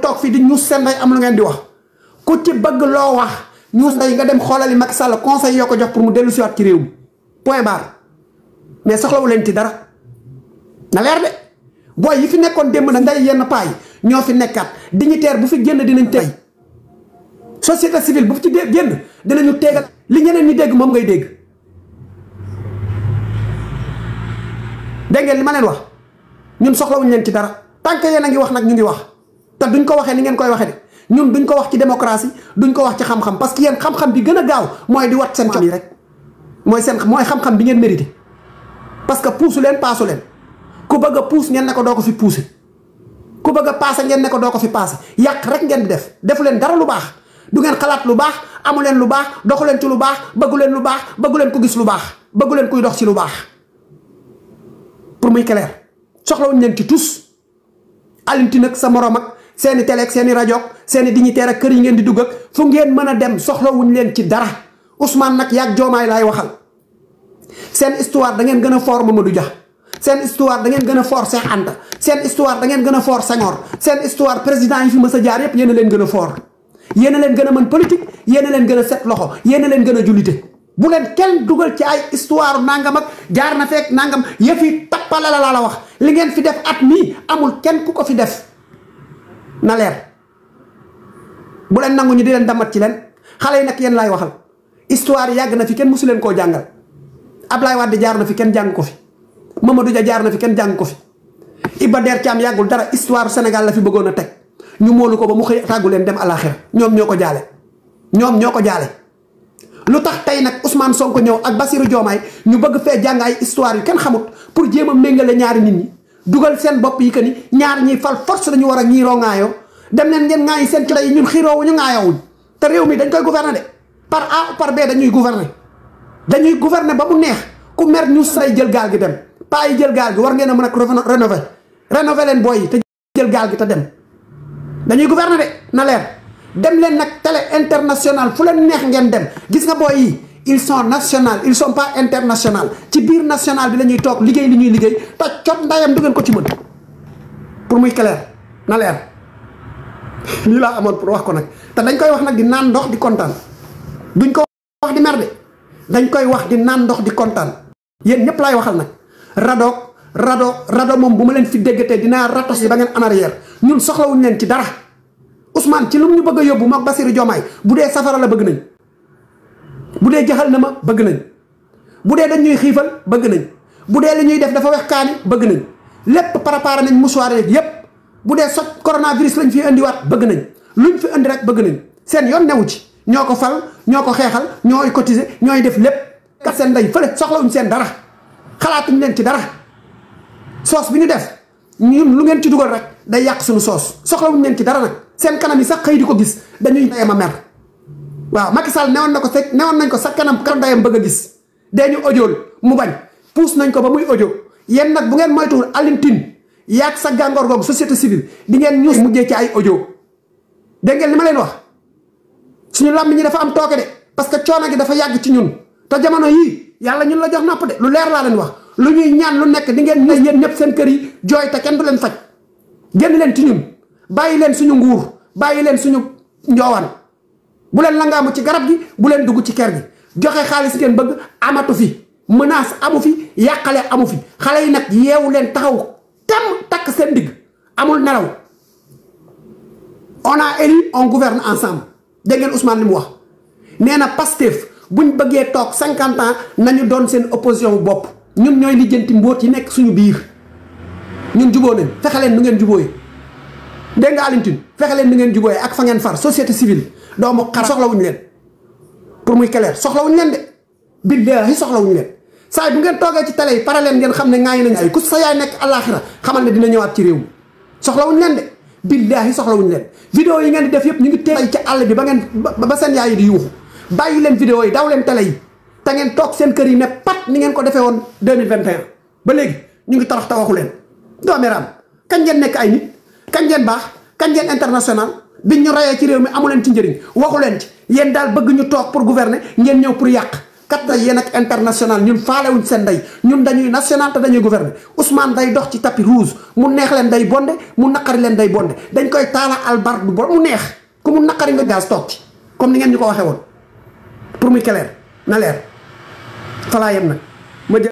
tok fi di ñu sen day am lu ngeen di wax ku ci bëgg lo wax ñu day nga dem xolali Macky Sall conseil yoko jox pour mu delu ci wat ci réew point bar mais soxla wu leen ci dara na leer de boy yi fi nekkon dem na nday yenn pay ño fi nekkat dignitaire bu fi genn dinañ tey société civile bu fi genn dinañu tégal li ñeneen ni dégg mom ngay dégg dégg li ma leen wax ñun soxla soxlawuñ leen ci dara tant yeena ngi wax nak ñu ngi wax ta duñ ko waxe ni ngeen koy waxe de ñun duñ ko wax ci démocratie duñ ko wax ci xam-xam parce que yeen xam-xam bi gëna gaaw moy di wat sen yi rek moy sen moy xam-xam bi ngeen mérité parce que len passu len ku bëgg ngeen nako doko fi pousser ku bëgg a ngeen nako doko fi paase yak rek ngeen def def defu leen dara lu baax du ngeen xalaat lu baax amu len lu baax doxu len ci lu baax bëggu len lu baax bëggu len ko gis lu baax bëggu len kuy dox ci lu baax pour muy clair ci tous alinti sa morom ak seeni télé ak radio rajo seeni dignitaire ak kër yi ngeen di dugg ak fu ngeen mën a dem wuñ leen ci dara Ousmane nak yak jomay lay waxal seen histoire da ngeen gën a fort Mamadou Dia seen histoire da ngeen gën a fort Cheikh Anta seen histoire da ngeen gën a fort Senghor seen histoire président yi fi mësa jaar yépp yéen a leen gën a fort yéen a leen gën mën politique yéen leen gën a set loxo yéen a leen gën a bu len kenn dugal ci ay histoire nangam ak jaar na fek nangam yefi tapala la la wax li ngeen fi def at mi amul kenn ku ko fi def na leer bu len nangu ñu di len damat ci len xalé nak yeen lay waxal histoire yag na fi ken musulen ko jangal ablay wad jaar na fi ken jang ko fi Mamadou Dia jaar na fi ken jang ko fi Iba Der am yagul dara histoire senegal la fi bëggoon tek ñu molu ko ba mu xey tàggu len dem alakhir ñom ñoko jale ñom ñoko jale lu tax Ousmane Sonko ñew ak basirou jomay ñu bëgg fe jangay histoire ken xamut pour jema mengale nit ñi dugal seen bopp yi que ni ñaar ñiy fal force dañu war a ñiiroo ŋaayoo dem leen ngeen ŋaayi seen clé yi ñun xiiroo wu ñu ŋaayoowuñ te réew mi dañ koy gouverner de par A par B dañuy gouverner dañuy gouverne ba mu neex ku mer ñu say jël gaal gi dem paa yi jël gaal gi war ngeen a mën a rénover rénover leen booy yi te jël gaal gi te dem dañuy gouverner de na leer dem leen nag télé international fu leen neex ngeen dem gis nga booy yi ils sont national ils sont pas international ci bir national bi lañuy tok liggéey li ñuy liggéey ta ciop ndayam du ko ci mën pour muy clair na leer li la amone pour wax ko nak ta dañ koy wax nak di nan ndox di contane duñ ko wax di merde dañ koy wax di nan ndox di contane yeen ñep lay waxal nak radok rado rado mom buma len fi deggete dina ratos ba ngeen en arrière ñun wuñ len ci dara ousmane ci lu ñu bëgg yobbu mak basirou jomay budé safara la bëgg nañ bu dee jaxal na ma bëgg nañ bu dee dañuy ñuy xiifal bëgg nañ bu dee li ñuy def dafa wex kaani bëgg nañ lépp préparé nañ mouchoir yeeg yépp bu dee sot coronavirus lañ fi indiwaat bëgg nañ luñ fi indi rek bëgg nañ seen yoon newu ci ñoo ko fal ñoo ko xeexal ñooy cotiser ñooy def lépp kat seen ndey fële soxlawuñ seen dara xalaatuñ leen ci dara soos bi ñu def ñun lu ngeen ci dugal rek day yàq suñu soos soxla soxlawuñ leen ci dara nag seen kanam yi sax xëy di ko gis dañuy ma mer waaw Macky Sall newoon na ko fekk newoon nañ ko sa kanam dayam bëgg gis dañu ojol mu bañ puus nañ ko ba muy ojo yéen nak bu ngeen moytu Alioune Tine yaag sa gangor gog société civile di ngeen ñuus jé ci ay ojo de ngeen lima leen wax suñu lamb ñi dafa am toke de parce que coono gi dafa yag ci ñun ta jamono yi yalla ñun la jox nopp de lu leer la leen wax lu ñuy ñaan lu nekk di ngeen ne yeen ñep seen kër yi joy ta kenn du leen fajj génn leen ci ñun bayi leen suñu nguur bayi leen suñu bu nga mu ci garab gi bu len dugg ci ker gi joxe xaliss ngeen bëgg amatu fi menace amu fi yàqale amu fi xale yi nak yewu len taxaw tam tak sen dig amul nelaw on a élu on gouverne ensemble de ngeen Ousmane li wax neena pastef buñ bëggee tok 50 ans nañu don sen opposition bop ñun ñoy lijeenti mbot yi nek suñu biir ñun nu ngeen dégg nga Alioune Tine len leen ngeen ak fa ngeen far société civile doomu xar soxlawuñu len pour muy clair soxlawuñu len de soxla soxlawuñu len say bu ngeen toogee ci télé yi pare leen ngeen xam ngay nañ say ku sa yaay nek alakhira xamal ne dina ñëwaat ci réew soxla soxlawuñu len de soxla soxlawuñu len vidéo yi ngeen def yëpp ñu ngi teey ci all bi ba ngeen ba seen yaay di yuuxu bayyi len vidéo yi daw len télé yi ta ngeen tok seen kër yi ne pat ni ngeen ko defee won 2021 ba léegi ñu ngi tarax tawaxu len do meram kan ngeen nek ay nit kañ ngeen baax kañ ngeen international bi ñu rayee ci réew mi amu leen ci njëriñ waxu leen ci yéen daal bëgg ñu toog pour gouverner ngeen ñëw pour yàq kat na yéen ak international ñun faalewuñ seen ndey ñun dañuy national te dañuy gouverner Ousmane day dox ci tapis rouge mu neex leen day bonde mu naqari leen day bonde dañ koy taala albar bu bon mu neex ku mu naqari nga gaz toog ci comme ni ngeen ñu ko waxee woon pour muy clair na leer yem nag